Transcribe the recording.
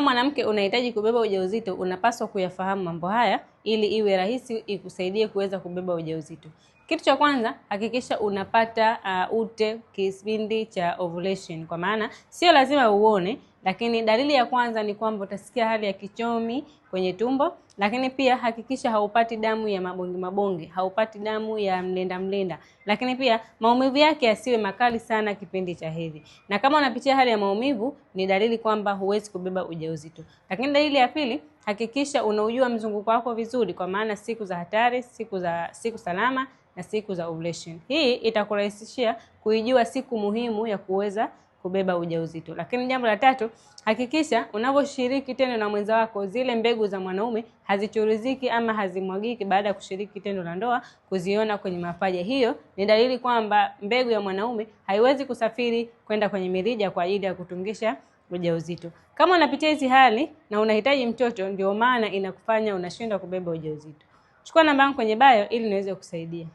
kama mwanamke unahitaji kubeba ujauzito, unapaswa kuyafahamu mambo haya ili iwe rahisi ikusaidie kuweza kubeba ujauzito. Kitu cha kwanza hakikisha unapata uh, ute kipindi cha ovulation, kwa maana sio lazima uone, lakini dalili ya kwanza ni kwamba utasikia hali ya kichomi kwenye tumbo. Lakini pia hakikisha haupati damu ya mabonge mabonge, haupati damu ya mlenda mlenda. Lakini pia maumivu yake yasiwe makali sana kipindi cha hedhi, na kama unapitia hali ya maumivu, ni dalili kwamba huwezi kubeba ujauzito. Lakini dalili ya pili Hakikisha unaujua mzunguko wako vizuri, kwa maana siku za hatari, siku za siku salama na siku za ovulation. Hii itakurahisishia kuijua siku muhimu ya kuweza kubeba ujauzito. Lakini jambo la tatu, hakikisha unavyoshiriki tendo na mwenza wako, zile mbegu za mwanaume hazichuruziki ama hazimwagiki baada ya kushiriki tendo la ndoa, kuziona kwenye mapaja. Hiyo ni dalili kwamba mbegu ya mwanaume haiwezi kusafiri kwenda kwenye mirija kwa ajili ya kutungisha ujauzito. Kama unapitia hizi hali na unahitaji mtoto, ndio maana inakufanya unashindwa kubeba ujauzito. Chukua namba yangu kwenye bio ili niweze kukusaidia.